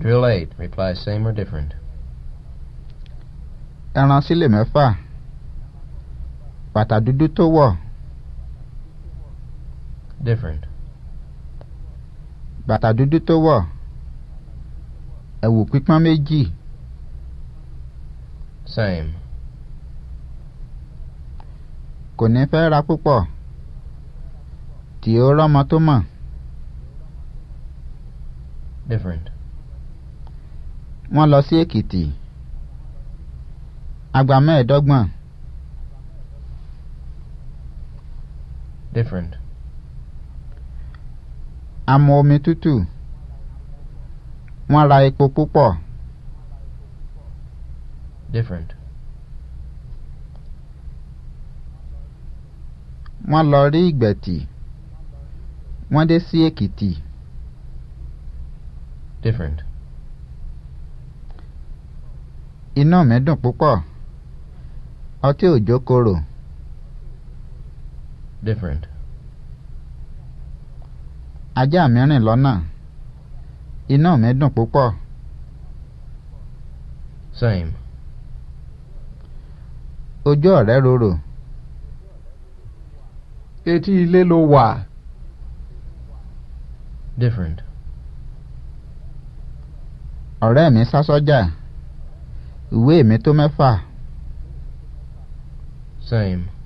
Drill 8. Reply same or different. Ẹran sílè mẹ́fà. Bàtà dúdú tó wọ̀. Different. Bàtà dúdú tó wọ̀. Ẹ̀wù pípọ́n méjì. Same. Kò ní fẹ́ ra púpọ̀. Tí ó rọ́mọ tó mọ̀. Different wọ́n lọ sí èkìtì agba mẹ́ẹ̀ẹ́dọ́gbọ̀n. different. a mu omi tútù wọ́n ra epo púpọ̀. different. wọ́n lọ rí ìgbẹ̀tì wọ́n dé sí èkìtì. different inú mi dùn púpọ̀ ọtí òjò korò. different. ajá mi rìn lọ́nà inú mi dùn púpọ̀. same. ojú ọ̀rẹ́ rorò. etí ilé ló wà. different. ọ̀rẹ́ mi sá sọ́jà. So ìwé mi tó mẹ́fà. same.